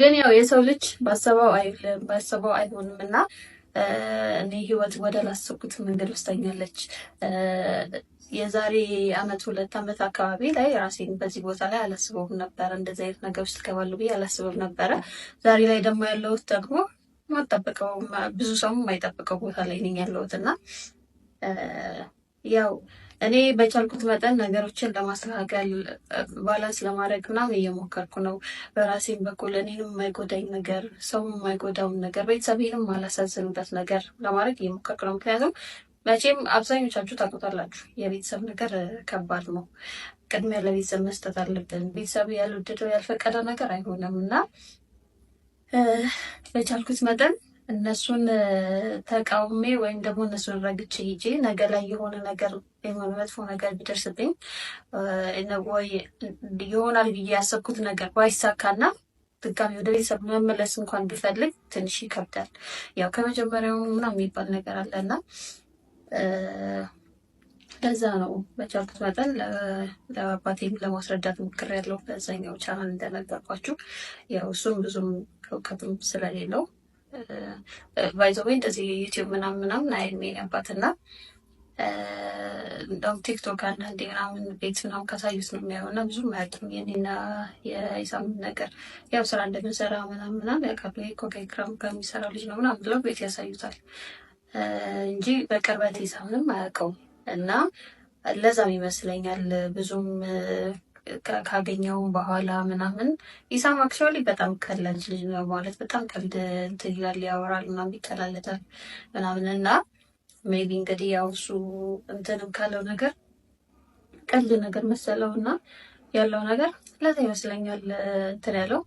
ግን ያው የሰው ልጅ ባሰበው አይልም ባሰበው አይሆንም እና እኔ ህይወት ወደ ላሰብኩት መንገድ ወስዳኛለች። የዛሬ አመት ሁለት አመት አካባቢ ላይ ራሴን በዚህ ቦታ ላይ አላስበውም ነበረ። እንደዚህ አይነት ነገር ውስጥ ገባሉ ብዬ አላስበውም ነበረ። ዛሬ ላይ ደግሞ ያለሁት ደግሞ ማጠበቀው ብዙ ሰው የማይጠብቀው ቦታ ላይ ነኝ ያለሁት እና ያው እኔ በቻልኩት መጠን ነገሮችን ለማስተካከል ባላንስ ለማድረግ ምናምን እየሞከርኩ ነው። በራሴም በኩል እኔንም የማይጎዳኝ ነገር፣ ሰው የማይጎዳውን ነገር፣ ቤተሰቤንም ማላሳዝንበት ነገር ለማድረግ እየሞከርኩ ነው። ምክንያቱም መቼም አብዛኞቻችሁ ታውቁታላችሁ፣ የቤተሰብ ነገር ከባድ ነው። ቅድሚያ ለቤተሰብ መስጠት አለብን። ቤተሰብ ያልወደደው ያልፈቀደ ነገር አይሆንም እና በቻልኩት መጠን እነሱን ተቃውሜ ወይም ደግሞ እነሱን ረግቼ ሄጄ ነገ ላይ የሆነ ነገር መጥፎ ነገር ቢደርስብኝ ወይ ይሆናል ብዬ ያሰብኩት ነገር ባይሳካና ድጋሚ ወደ ቤተሰብ መመለስ እንኳን ቢፈልግ ትንሽ ይከብዳል። ያው ከመጀመሪያው ምናምን የሚባል ነገር አለና ለዛ ነው በቻልኩት መጠን ለአባቴም ለማስረዳት ሞክሬያለሁ። በዛኛው ቻናል እንደነገርኳችሁ ያው እሱም ብዙም እውቀትም ስለሌለው ባይዘወይ እንደዚህ ዩቲዩብ ምናምን ምናምን አይድሜ ነባት እና እንደውም ቲክቶክ አንዳንዴ ምናምን ቤት ምናምን ካሳዩት ነው የሚያየው እና ብዙም አያውቅም የኔና የኢሳምን ነገር። ያው ስራ እንደምንሰራ ምናምን ምናምን ያውቃሉ። ኮካክራም ከሚሰራ ልጅ ነው ምናምን ብለው ቤት ያሳዩታል እንጂ በቅርበት ኢሳምንም አያውቀውም እና ለዛም ይመስለኛል ብዙም ካገኘው በኋላ ምናምን ኢሳም አክቹዋሊ በጣም ቀላል ልጅ ነው ማለት በጣም ቀልድ እንትን ይላል፣ ያወራል ምናምን ይቀላለታል ምናምን እና ሜቢ እንግዲህ ያው እሱ እንትንም ካለው ነገር ቀልድ ነገር መሰለው እና ያለው ነገር ለዛ ይመስለኛል እንትን ያለው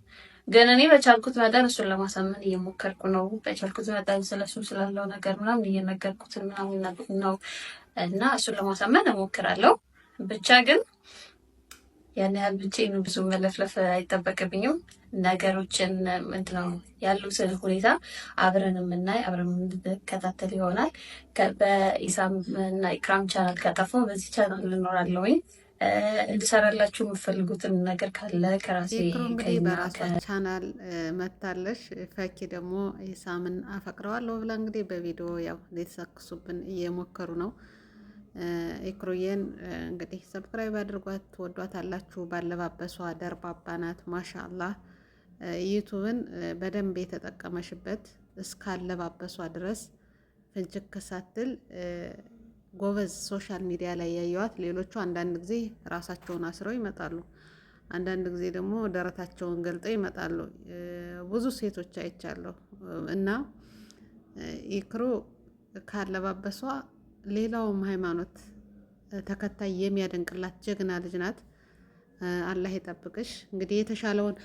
ግን እኔ በቻልኩት መጠን እሱን ለማሳመን እየሞከርኩ ነው። በቻልኩት መጠን ስለሱ ስላለው ነገር ምናምን እየነገርኩትን ምናምን ነው እና እሱን ለማሳመን እሞክራለሁ ብቻ ግን ያን ያህል ብቻዬን ብዙ መለፍለፍ አይጠበቅብኝም። ነገሮችን ነው ያሉትን ሁኔታ አብረን የምናይ አብረን የምንከታተል ይሆናል። በኢሳም እና ኢክራም ቻናል ከጠፉ በዚህ ቻናል እንኖራለሁኝ። እንድሰራላችሁ የምፈልጉትን ነገር ካለ ከራሴ እንግዲህ በራሷ ቻናል መታለሽ። ፈኪ ደግሞ ኢሳምን አፈቅረዋለሁ ብላ እንግዲህ በቪዲዮ ያው ሊተሳክሱብን እየሞከሩ ነው። ኢክሩዬን እንግዲህ ሰብስክራይብ አድርጓት። አላችሁ። ባለባበሷ ደርባባ ናት። ማሻላ ዩቱብን በደንብ የተጠቀመሽበት እስካለባበሷ ድረስ ፍንጭክ ሳትል ጎበዝ። ሶሻል ሚዲያ ላይ ያየዋት ሌሎቹ አንዳንድ ጊዜ ራሳቸውን አስረው ይመጣሉ። አንዳንድ ጊዜ ደግሞ ደረታቸውን ገልጠው ይመጣሉ። ብዙ ሴቶች አይቻለሁ እና ኢክሩ ካለባበሷ ሌላውም ሃይማኖት ተከታይ የሚያደንቅላት ጀግና ልጅ ናት። አላህ ይጠብቅሽ። እንግዲህ የተሻለውን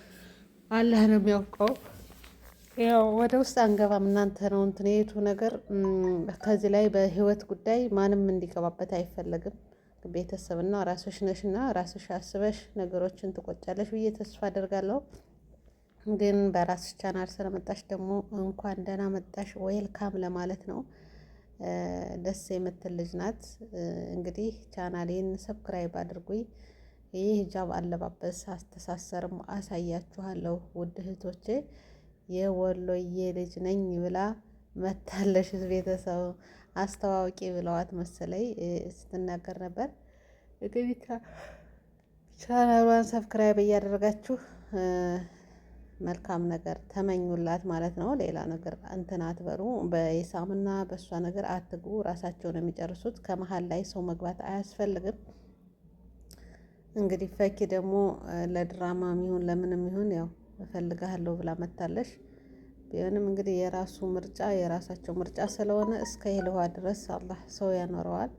አላህ ነው የሚያውቀው። ያው ወደ ውስጥ አንገባም። እናንተ ነው እንትን የቱ ነገር ከዚህ ላይ በህይወት ጉዳይ ማንም እንዲገባበት አይፈለግም። ቤተሰብና ራስሽ ነሽና ራስሽ አስበሽ ነገሮችን ትቆጫለሽ ብዬ ተስፋ አደርጋለሁ። ግን በራስሽ ቻናል ስለመጣሽ ደግሞ እንኳን ደህና መጣሽ ወይልካም ለማለት ነው። ደስ የምትል ልጅ ናት። እንግዲህ ቻናሌን ሰብስክራይብ አድርጉኝ። ይህ ሂጃብ አለባበስ አስተሳሰርም አሳያችኋለሁ። ውድ እህቶቼ የወሎዬ ልጅ ነኝ ብላ መታለሽ ቤተሰብ አስተዋውቂ ብለዋት መሰለኝ ስትናገር ነበር። እንግዲህ ቻናሏን ሰብስክራይብ እያደረጋችሁ መልካም ነገር ተመኙላት ማለት ነው። ሌላ ነገር እንትን አትበሉ። በኢሳምና በእሷ ነገር አትግቡ። ራሳቸውን የሚጨርሱት ከመሀል ላይ ሰው መግባት አያስፈልግም። እንግዲህ ፈኪ ደግሞ ለድራማ የሚሆን ለምንም ይሁን ያው እፈልግሃለሁ ብላ መታለሽ። ቢሆንም እንግዲህ የራሱ ምርጫ የራሳቸው ምርጫ ስለሆነ እስከ ይልዋ ድረስ አላህ ሰው ያኖረዋል።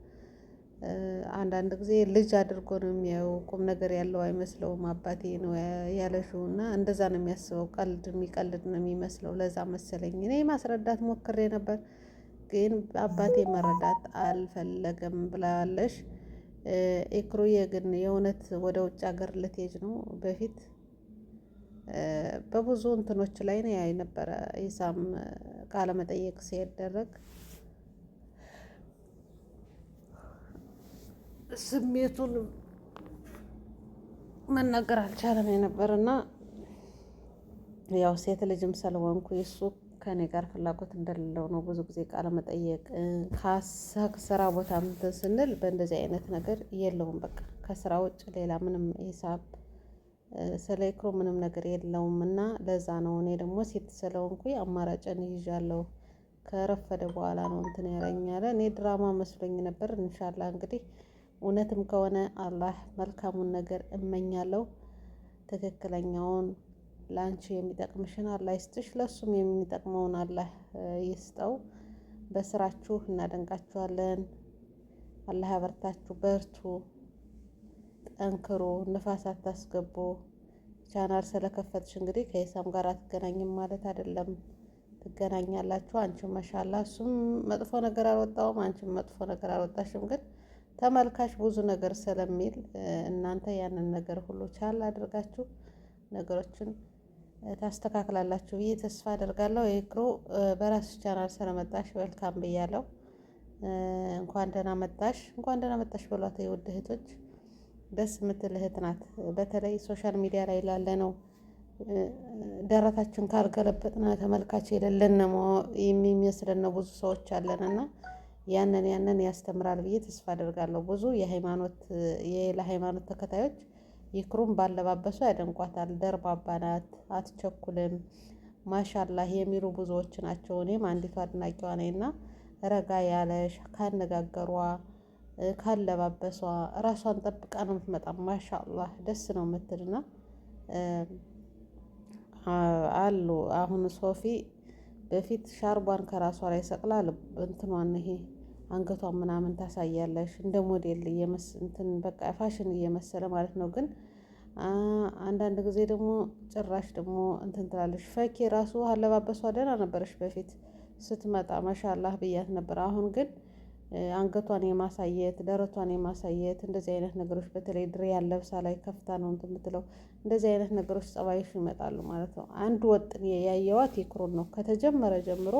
አንዳንድ ጊዜ ልጅ አድርጎ ነው የሚያየው ቁም ነገር ያለው አይመስለውም። አባቴ ነው ያለሽው እና እንደዛ ነው የሚያስበው። ቀልድ የሚቀልድ ነው የሚመስለው። ለዛ መሰለኝ እኔ ማስረዳት ሞክሬ ነበር፣ ግን አባቴ መረዳት አልፈለገም ብላለሽ። ኤክሩዬ ግን የእውነት ወደ ውጭ ሀገር ልትሄጅ ነው? በፊት በብዙ እንትኖች ላይ ነው ያይ ነበረ ኢሳም ቃለመጠየቅ ሲያደረግ ስሜቱን መናገር አልቻለም የነበር እና ያው ሴት ልጅም ስለሆንኩ እሱ ከኔ ጋር ፍላጎት እንደሌለው ነው ብዙ ጊዜ ቃለ መጠየቅ ከሀሳብ ስራ ቦታ እንትን ስንል በእንደዚህ አይነት ነገር የለውም። በቃ ከስራ ውጭ ሌላ ምንም ሂሳብ ስለ ኢክሮ ምንም ነገር የለውም እና ለዛ ነው እኔ ደግሞ ሴት ስለሆንኩ አማራጭን ይዣለሁ። ከረፈደ በኋላ ነው እንትን ያለኝ አለ። እኔ ድራማ መስሎኝ ነበር። እንሻላ እንግዲህ እውነትም ከሆነ አላህ መልካሙን ነገር እመኛለሁ። ትክክለኛውን ለአንቺ የሚጠቅምሽን አላህ ይስጥሽ፣ ለእሱም የሚጠቅመውን አላህ ይስጠው። በስራችሁ እናደንቃችኋለን። አላህ ያበርታችሁ። በርቱ፣ ጠንክሮ ንፋስ አታስገቡ። ቻናል ስለከፈትሽ እንግዲህ ከሂሳም ጋር አትገናኝም ማለት አይደለም። ትገናኛላችሁ። አንቺ መሻላ እሱም መጥፎ ነገር አልወጣውም፣ አንቺም መጥፎ ነገር አልወጣሽም ግን ተመልካች ብዙ ነገር ስለሚል እናንተ ያንን ነገር ሁሉ ቻል አድርጋችሁ ነገሮችን ታስተካክላላችሁ ብዬ ተስፋ አደርጋለሁ። የቅሩ በራሱ ቻናል ስለመጣሽ ወልካም ብያለሁ። እንኳን ደህና መጣሽ፣ እንኳን ደህና መጣሽ በሏት የውድ እህቶች። ደስ የምትል እህት ናት። በተለይ ሶሻል ሚዲያ ላይ ላለ ነው ደረታችን ካልገለበጥና ተመልካች የሌለን የሚመስለን ነው ብዙ ሰዎች አለንና ያንን ያንን ያስተምራል ብዬ ተስፋ አደርጋለሁ። ብዙ የሃይማኖት የሌላ ሃይማኖት ተከታዮች ይክሩም ባለባበሱ ያደንቋታል ደርባባ ናት አትቸኩልም ማሻላህ የሚሉ ብዙዎች ናቸው። እኔም አንዲቱ አድናቂዋ ነኝና ረጋ ያለሽ ካነጋገሯ ካለባበሷ ራሷን ጠብቃ ነው የምትመጣ። ማሻአላህ ደስ ነው የምትልና አሉ አሁን ሶፊ በፊት ሻርቧን ከራሷ ላይ ሰቅላ እንትኗን ይሄ አንገቷን ምናምን ታሳያለሽ እንደ ሞዴል እንትን በቃ ፋሽን እየመሰለ ማለት ነው። ግን አንዳንድ ጊዜ ደግሞ ጭራሽ ደግሞ እንትን ትላለሽ። ፈኪ ራሱ አለባበሷ ደህና ነበረች በፊት ስትመጣ ማሻላህ ብያት ነበር። አሁን ግን አንገቷን የማሳየት ደረቷን የማሳየት እንደዚህ አይነት ነገሮች በተለይ ድሪያን ለብሳ ላይ ከፍታ ነው እንትን የምትለው እንደዚህ አይነት ነገሮች ጸባይሽ ይመጣሉ ማለት ነው። አንድ ወጥ ያየዋት የክሮን ነው ከተጀመረ ጀምሮ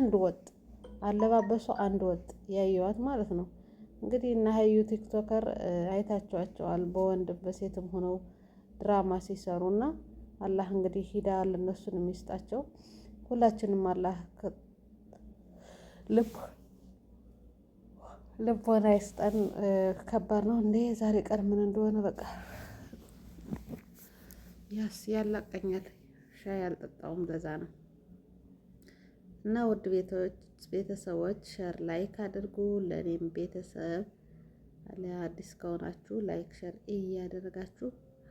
አንድ ወጥ አለባበሷ አንድ ወጥ ያየዋት ማለት ነው። እንግዲህ እና ሀዩ ቲክቶከር አይታችኋቸዋል። በወንድም በሴትም ሆነው ድራማ ሲሰሩ እና አላህ እንግዲህ ሂዳ ለነሱን የሚስጣቸው ሁላችንም አላህ ልቦና ይስጠን። ከባድ ነው እንዴ ዛሬ ቀን ምን እንደሆነ በቃ ያስ ያላቀኛል። ሻይ አልጠጣውም ለዛ ነው እና ውድ ቤቶች ቤተሰቦች ሸር ላይክ አድርጉ። ለእኔም ቤተሰብ አዲስ ከሆናችሁ ላይክ ሸር እያደረጋችሁ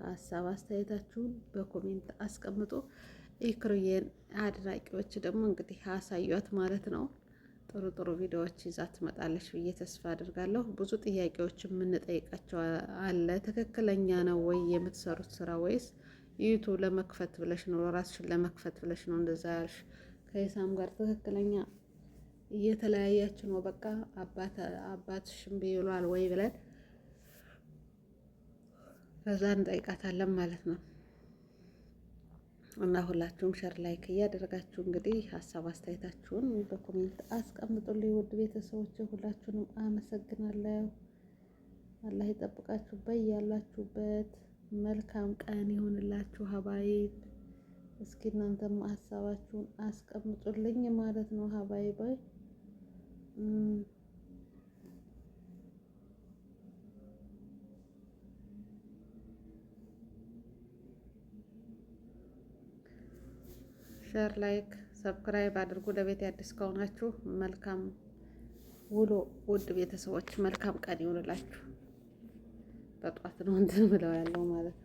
ሀሳብ አስተያየታችሁን በኮሜንት አስቀምጡ። ኢክሩዬን አድናቂዎች ደግሞ እንግዲህ አሳዩት ማለት ነው። ጥሩ ጥሩ ቪዲዮዎች ይዛ ትመጣለች ብዬ ተስፋ አድርጋለሁ። ብዙ ጥያቄዎች የምንጠይቃቸው አለ። ትክክለኛ ነው ወይ የምትሰሩት ስራ ወይስ ይቱ ለመክፈት ብለሽ ነው? ራስሽን ለመክፈት ብለሽ ነው እንደዛ ያልሽ ከሂሳም ጋር ትክክለኛ እየተለያያችሁ ነው በቃ ሽምብ ይሏል ወይ ብለን ከዛ እንጠይቃታለን ማለት ነው። እና ሁላችሁም ሸር ላይክ እያደረጋችሁ እንግዲህ ሀሳብ አስተያየታችሁን በኮሜንት አስቀምጡልኝ። ውድ ቤተሰቦች ሁላችሁንም አመሰግናለሁ። አላህ ይጠብቃችሁ። በያላችሁበት መልካም ቀን ይሁንላችሁ። ሀባይብ እስኪ እናንተም ሀሳባችሁን አስቀምጡልኝ። ሼር፣ ላይክ፣ ሰብስክራይብ አድርጉ። ለቤት አዲስ ከሆናችሁ መልካም ውሎ ውድ ቤተሰቦች መልካም ቀን ይሁንላችሁ። በጧት ነው እንትን ብለው ያለው ማለት ነው።